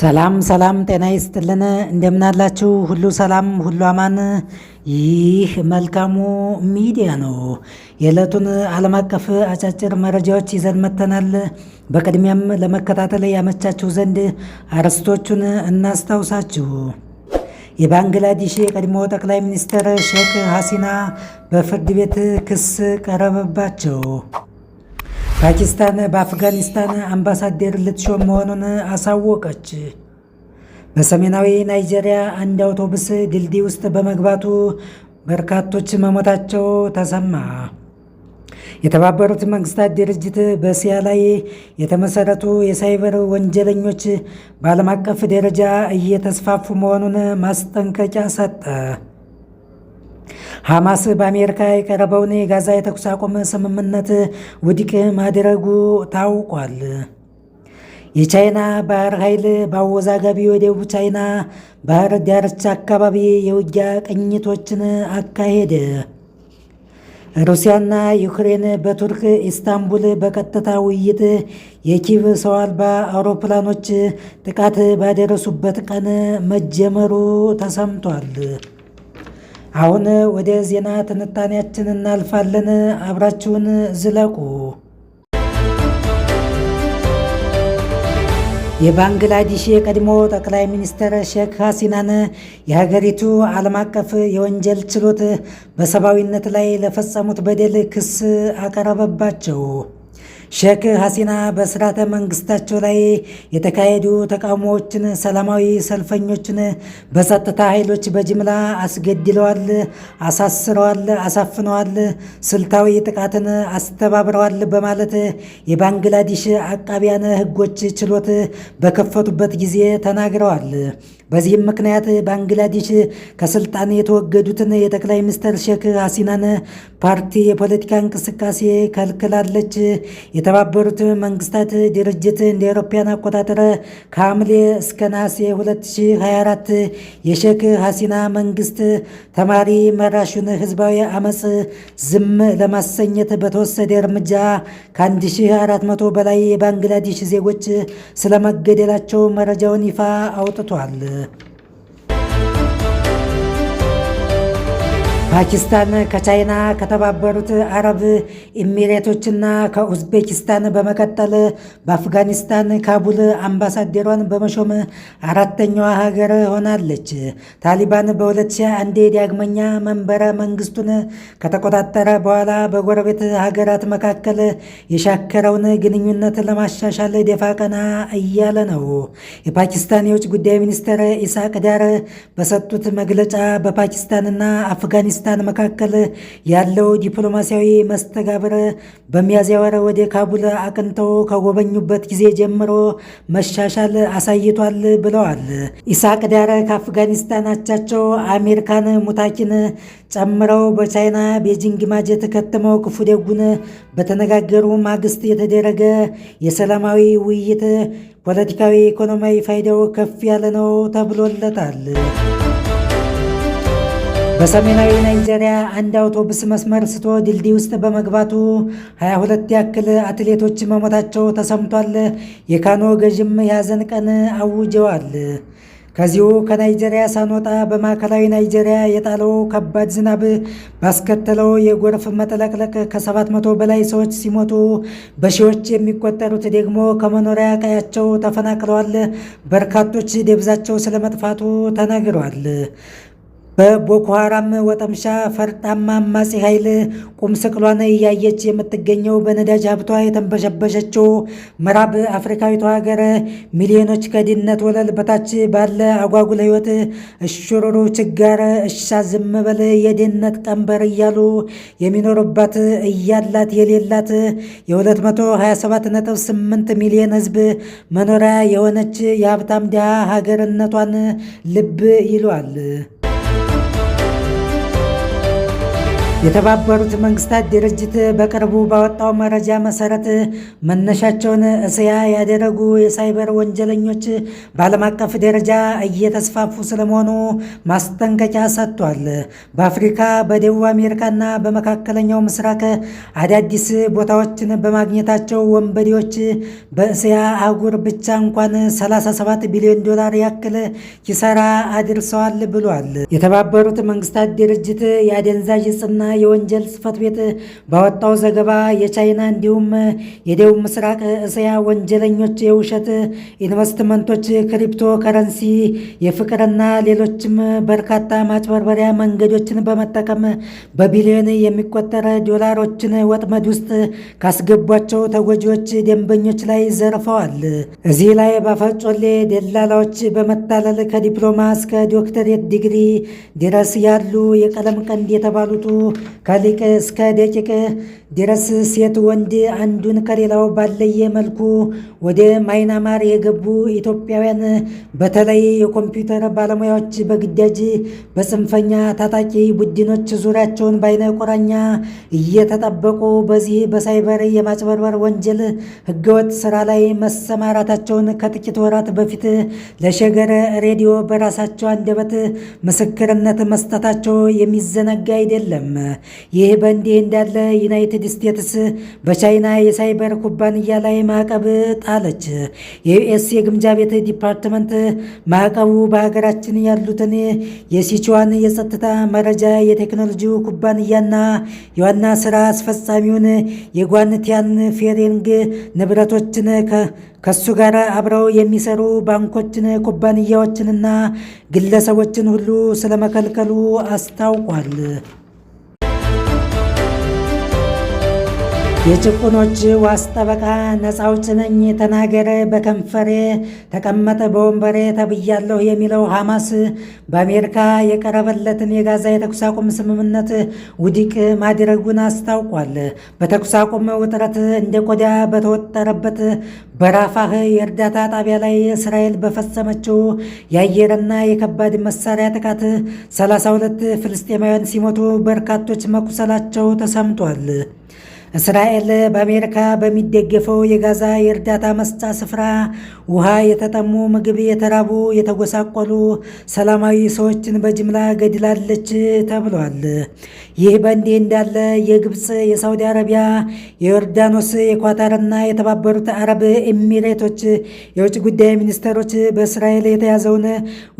ሰላም ሰላም፣ ጤና ይስጥልን። እንደምናላችሁ ሁሉ ሰላም ሁሉ አማን። ይህ መልካሙ ሚዲያ ነው። የዕለቱን ዓለም አቀፍ አጫጭር መረጃዎች ይዘን መጥተናል። በቅድሚያም ለመከታተል ያመቻችሁ ዘንድ አርዕስቶቹን እናስታውሳችሁ። የባንግላዴሽ የቀድሞ ጠቅላይ ሚኒስትር ሼክ ሐሲና በፍርድ ቤት ክስ ቀረበባቸው። ፓኪስታን በአፍጋኒስታን አምባሳደር ልትሾም መሆኑን አሳወቀች። በሰሜናዊ ናይጄሪያ አንድ አውቶቡስ ድልድይ ውስጥ በመግባቱ በርካቶች መሞታቸው ተሰማ። የተባበሩት መንግስታት ድርጅት በሲያ ላይ የተመሰረቱ የሳይበር ወንጀለኞች በዓለም አቀፍ ደረጃ እየተስፋፉ መሆኑን ማስጠንቀቂያ ሰጠ። ሐማስ በአሜሪካ የቀረበውን የጋዛ የተኩስ አቁም ስምምነት ውድቅ ማድረጉ ታውቋል። የቻይና ባህር ኃይል በአወዛጋቢ የደቡብ ቻይና ባህር ዳርቻ አካባቢ የውጊያ ቅኝቶችን አካሄደ። ሩሲያና ዩክሬን በቱርክ ኢስታንቡል በቀጥታ ውይይት የኪቭ ሰው አልባ አውሮፕላኖች ጥቃት ባደረሱበት ቀን መጀመሩ ተሰምቷል። አሁን ወደ ዜና ትንታኔያችን እናልፋለን። አብራችሁን ዝለቁ። የባንግላዲሽ የቀድሞ ጠቅላይ ሚኒስትር ሼክ ሐሲናን የሀገሪቱ ዓለም አቀፍ የወንጀል ችሎት በሰብአዊነት ላይ ለፈጸሙት በደል ክስ አቀረበባቸው። ሼክ ሐሲና በስርዓተ መንግስታቸው ላይ የተካሄዱ ተቃውሞዎችን፣ ሰላማዊ ሰልፈኞችን በጸጥታ ኃይሎች በጅምላ አስገድለዋል፣ አሳስረዋል፣ አሳፍነዋል፣ ስልታዊ ጥቃትን አስተባብረዋል በማለት የባንግላዴሽ አቃቢያነ ህጎች ችሎት በከፈቱበት ጊዜ ተናግረዋል። በዚህም ምክንያት ባንግላዴሽ ከስልጣን የተወገዱትን የጠቅላይ ሚኒስትር ሼክ ሐሲናን ፓርቲ የፖለቲካ እንቅስቃሴ ከልክላለች። የተባበሩት መንግስታት ድርጅት እንደ አውሮፓውያን አቆጣጠር ከሐምሌ እስከ ነሐሴ 2024 የሼክ ሐሲና መንግስት ተማሪ መራሹን ህዝባዊ አመፅ ዝም ለማሰኘት በተወሰደ እርምጃ ከ1400 በላይ የባንግላዴሽ ዜጎች ስለመገደላቸው መረጃውን ይፋ አውጥቷል። ፓኪስታን ከቻይና ከተባበሩት አረብ ኢሚሬቶችና ከኡዝቤኪስታን በመቀጠል በአፍጋኒስታን ካቡል አምባሳደሯን በመሾም አራተኛዋ ሀገር ሆናለች። ታሊባን በ2001 ዳግመኛ መንበረ መንግስቱን ከተቆጣጠረ በኋላ በጎረቤት ሀገራት መካከል የሻከረውን ግንኙነት ለማሻሻል ደፋ ቀና እያለ ነው። የፓኪስታን የውጭ ጉዳይ ሚኒስትር ኢስሐቅ ዳር በሰጡት መግለጫ በፓኪስታንና አፍጋኒስታን አፍጋኒስታን መካከል ያለው ዲፕሎማሲያዊ መስተጋብር በሚያዝያ ወር ወደ ካቡል አቅንተው ከጎበኙበት ጊዜ ጀምሮ መሻሻል አሳይቷል ብለዋል። ኢሳቅ ዳር ከአፍጋኒስታን አቻቸው አሜሪካን ሙታኪን ጨምረው በቻይና ቤጂንግ ማጅ ከትመው ክፉ ደጉን በተነጋገሩ ማግስት የተደረገ የሰላማዊ ውይይት ፖለቲካዊ፣ ኢኮኖሚያዊ ፋይዳው ከፍ ያለ ነው ተብሎለታል። በሰሜናዊ ናይጄሪያ አንድ አውቶቡስ መስመር ስቶ ድልድይ ውስጥ በመግባቱ 22 ያክል አትሌቶች መሞታቸው ተሰምቷል። የካኖ ገዥም የሐዘን ቀን አውጀዋል። ከዚሁ ከናይጄሪያ ሳንወጣ በማዕከላዊ ናይጄሪያ የጣለው ከባድ ዝናብ ባስከተለው የጎርፍ መጥለቅለቅ ከ700 በላይ ሰዎች ሲሞቱ በሺዎች የሚቆጠሩት ደግሞ ከመኖሪያ ቀያቸው ተፈናቅለዋል። በርካቶች ደብዛቸው ስለመጥፋቱ ተነግሯል። በቦኮ ሐራም ወጠምሻ ፈርጣማ አማጺ ኃይል ቁም ስቅሏን እያየች የምትገኘው በነዳጅ ሀብቷ የተንበሸበሸችው ምዕራብ አፍሪካዊቷ ሀገር ሚሊዮኖች ከድህነት ወለል በታች ባለ አጓጉል ህይወት እሽሮሮ ችጋር እሻ ዝም በል የድህነት ቀንበር እያሉ የሚኖሩባት እያላት የሌላት የ227.8 ሚሊዮን ህዝብ መኖሪያ የሆነች የሀብታም ድሃ ሀገርነቷን ልብ ይሏል። የተባበሩት መንግስታት ድርጅት በቅርቡ ባወጣው መረጃ መሰረት መነሻቸውን እስያ ያደረጉ የሳይበር ወንጀለኞች በዓለም አቀፍ ደረጃ እየተስፋፉ ስለመሆኑ ማስጠንቀቂያ ሰጥቷል። በአፍሪካ፣ በደቡብ አሜሪካና በመካከለኛው ምስራቅ አዳዲስ ቦታዎችን በማግኘታቸው ወንበዴዎች በእስያ አህጉር ብቻ እንኳን 37 ቢሊዮን ዶላር ያክል ኪሳራ አድርሰዋል ብሏል። የተባበሩት መንግስታት ድርጅት የአደንዛዥ ጽና የወንጀል ጽሕፈት ቤት ባወጣው ዘገባ የቻይና እንዲሁም የደቡብ ምስራቅ እስያ ወንጀለኞች የውሸት ኢንቨስትመንቶች፣ ክሪፕቶ ከረንሲ፣ የፍቅርና ሌሎችም በርካታ ማጭበርበሪያ መንገዶችን በመጠቀም በቢሊዮን የሚቆጠር ዶላሮችን ወጥመድ ውስጥ ካስገቧቸው ተጎጂዎች ደንበኞች ላይ ዘርፈዋል። እዚህ ላይ በአፈጮሌ ደላላዎች በመታለል ከዲፕሎማ እስከ ዶክተሬት ዲግሪ ድረስ ያሉ የቀለም ቀንድ የተባሉቱ ከሊቅ እስከ ደቂቅ ድረስ ሴት ወንድ አንዱን ከሌላው ባለየ መልኩ ወደ ማይናማር የገቡ ኢትዮጵያውያን በተለይ የኮምፒውተር ባለሙያዎች በግዳጅ በጽንፈኛ ታጣቂ ቡድኖች ዙሪያቸውን በአይነ ቁራኛ እየተጠበቁ በዚህ በሳይበር የማጭበርበር ወንጀል ህገወጥ ስራ ላይ መሰማራታቸውን ከጥቂት ወራት በፊት ለሸገር ሬዲዮ በራሳቸው አንደበት ምስክርነት መስጠታቸው የሚዘነጋ አይደለም። ይህ በእንዲህ እንዳለ ዩናይትድ ስቴትስ በቻይና የሳይበር ኩባንያ ላይ ማዕቀብ ጣለች። የዩኤስ የግምጃ ቤት ዲፓርትመንት ማዕቀቡ በሀገራችን ያሉትን የሲችዋን የጸጥታ መረጃ የቴክኖሎጂ ኩባንያና የዋና ስራ አስፈጻሚውን የጓንቲያን ፌሪንግ ንብረቶችን ከሱ ጋር አብረው የሚሰሩ ባንኮችን፣ ኩባንያዎችንና ግለሰቦችን ሁሉ ስለመከልከሉ አስታውቋል። የጭቁኖች ዋስ ጠበቃ ነፃ አውጪ ነኝ ተናገረ በከንፈሬ ተቀመጠ በወንበሬ ተብያለሁ የሚለው ሐማስ በአሜሪካ የቀረበለትን የጋዛ የተኩስ አቁም ስምምነት ውድቅ ማድረጉን አስታውቋል። በተኩስ አቁም ውጥረት እንደ ቆዳ በተወጠረበት በራፋህ የእርዳታ ጣቢያ ላይ እስራኤል በፈጸመችው የአየርና የከባድ መሳሪያ ጥቃት 32 ፍልስጤማውያን ሲሞቱ በርካቶች መቁሰላቸው ተሰምቷል። እስራኤል በአሜሪካ በሚደገፈው የጋዛ የእርዳታ መስጫ ስፍራ ውሃ የተጠሙ፣ ምግብ የተራቡ፣ የተጎሳቆሉ ሰላማዊ ሰዎችን በጅምላ ገድላለች ተብሏል። ይህ በእንዲህ እንዳለ የግብፅ፣ የሳውዲ አረቢያ፣ የዮርዳኖስ፣ የኳታርና የተባበሩት አረብ ኤሚሬቶች የውጭ ጉዳይ ሚኒስትሮች በእስራኤል የተያዘውን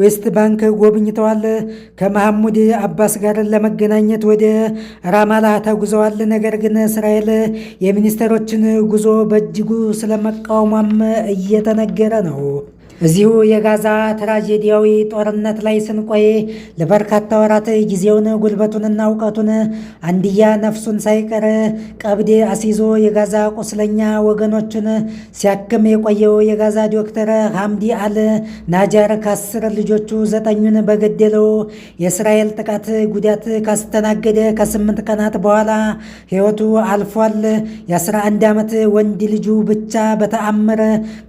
ዌስት ባንክ ጎብኝተዋል። ከመሐሙድ አባስ ጋር ለመገናኘት ወደ ራማላ ተጉዘዋል። ነገር ግን እስራኤል እስራኤል የሚኒስትሮችን ጉዞ በእጅጉ ስለመቃወሟም እየተነገረ ነው። እዚሁ የጋዛ ትራጀዲያዊ ጦርነት ላይ ስንቆይ ለበርካታ ወራት ጊዜውን ጉልበቱንና እውቀቱን አንድያ ነፍሱን ሳይቀር ቀብድ አስይዞ የጋዛ ቁስለኛ ወገኖቹን ሲያክም የቆየው የጋዛ ዶክተር ሐምዲ አል ናጃር ከአስር ልጆቹ ዘጠኙን በገደለው የእስራኤል ጥቃት ጉዳት ካስተናገደ ከስምንት ቀናት በኋላ ሕይወቱ አልፏል። የ11 ዓመት ወንድ ልጁ ብቻ በተአምር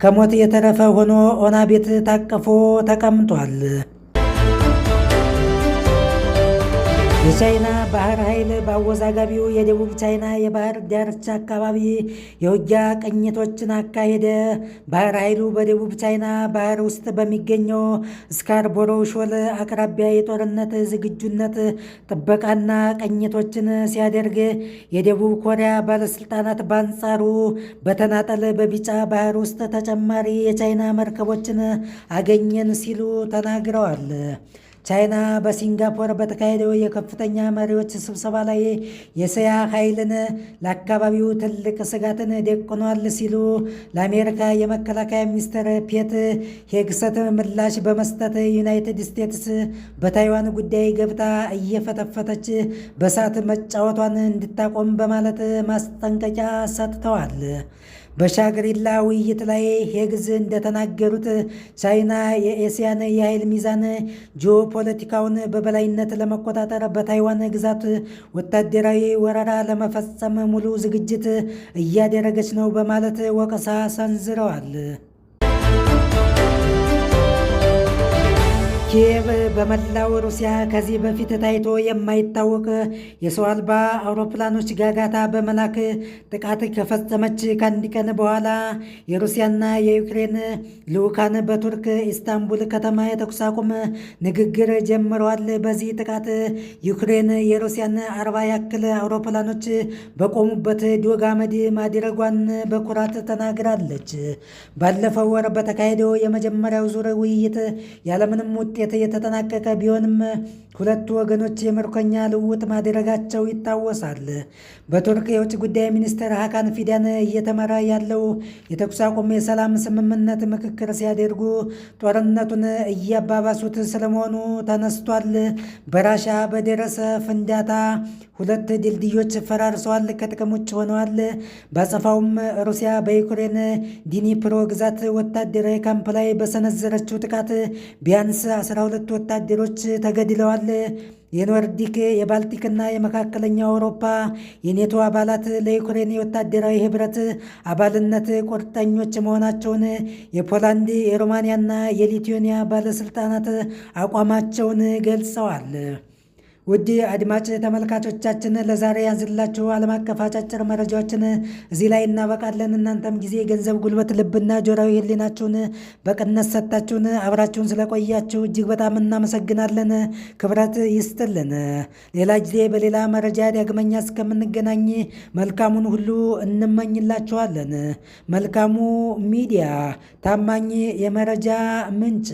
ከሞት የተረፈ ሆኖ ኦና ቤት ታቅፎ ተቀምጧል። የቻይና ባህር ኃይል በአወዛጋቢው የደቡብ ቻይና የባህር ዳርቻ አካባቢ የውጊያ ቅኝቶችን አካሄደ። ባህር ኃይሉ በደቡብ ቻይና ባህር ውስጥ በሚገኘው ስካርቦሮ ሾል አቅራቢያ የጦርነት ዝግጁነት ጥበቃና ቅኝቶችን ሲያደርግ፣ የደቡብ ኮሪያ ባለስልጣናት በአንጻሩ በተናጠል በቢጫ ባህር ውስጥ ተጨማሪ የቻይና መርከቦችን አገኘን ሲሉ ተናግረዋል። ቻይና በሲንጋፖር በተካሄደው የከፍተኛ መሪዎች ስብሰባ ላይ የሰያ ኃይልን ለአካባቢው ትልቅ ስጋትን ደቅኗል ሲሉ ለአሜሪካ የመከላከያ ሚኒስትር ፔት ሄግሰት ምላሽ በመስጠት ዩናይትድ ስቴትስ በታይዋን ጉዳይ ገብታ እየፈተፈተች በእሳት መጫወቷን እንድታቆም በማለት ማስጠንቀቂያ ሰጥተዋል። በሻግሪላ ውይይት ላይ ሄግዝ እንደተናገሩት ቻይና የኤስያን የኃይል ሚዛን ጂኦፖለቲካውን በበላይነት ለመቆጣጠር በታይዋን ግዛት ወታደራዊ ወረራ ለመፈጸም ሙሉ ዝግጅት እያደረገች ነው በማለት ወቀሳ ሰንዝረዋል። ኪየቭ በመላው ሩሲያ ከዚህ በፊት ታይቶ የማይታወቅ የሰው አልባ አውሮፕላኖች ጋጋታ በመላክ ጥቃት ከፈጸመች ከአንድ ቀን በኋላ የሩሲያና የዩክሬን ልዑካን በቱርክ ኢስታንቡል ከተማ የተኩስ አቁም ንግግር ጀምረዋል። በዚህ ጥቃት ዩክሬን የሩሲያን አርባ ያክል አውሮፕላኖች በቆሙበት ዶግ አመድ ማድረጓን በኩራት ተናግራለች። ባለፈው ወር በተካሄደው የመጀመሪያው ዙር ውይይት ያለምንም ውጤት የተጠናቀቀ ቢሆንም ሁለቱ ወገኖች የምርኮኛ ልውውጥ ማድረጋቸው ይታወሳል። በቱርክ የውጭ ጉዳይ ሚኒስትር ሀካን ፊዳን እየተመራ ያለው የተኩስ አቁም የሰላም ስምምነት ምክክር ሲያደርጉ ጦርነቱን እያባባሱት ስለመሆኑ ተነስቷል። በራሻ በደረሰ ፍንዳታ ሁለት ድልድዮች ፈራርሰዋል፣ ከጥቅም ውጭ ሆነዋል። በጸፋውም ሩሲያ በዩክሬን ዲኒፕሮ ግዛት ወታደራዊ ካምፕ ላይ በሰነዘረችው ጥቃት ቢያንስ 12 ወታደሮች ተገድለዋል። የኖርዲክ የባልቲክና የመካከለኛው አውሮፓ የኔቶ አባላት ለዩክሬን የወታደራዊ ህብረት አባልነት ቁርጠኞች መሆናቸውን የፖላንድ የሮማንያና የሊቱዌኒያ ባለስልጣናት አቋማቸውን ገልጸዋል። ውድ አድማጭ ተመልካቾቻችን ለዛሬ ያዝላችሁ ዓለም አቀፍ አጫጭር መረጃዎችን እዚህ ላይ እናበቃለን። እናንተም ጊዜ፣ ገንዘብ፣ ጉልበት፣ ልብና ጆሮዊ ህሊናችሁን በቅነት ሰጥታችሁን አብራችሁን ስለቆያችሁ እጅግ በጣም እናመሰግናለን። ክብረት ይስጥልን። ሌላ ጊዜ በሌላ መረጃ ዳግመኛ እስከምንገናኝ መልካሙን ሁሉ እንመኝላችኋለን። መልካሙ ሚዲያ ታማኝ የመረጃ ምንጭ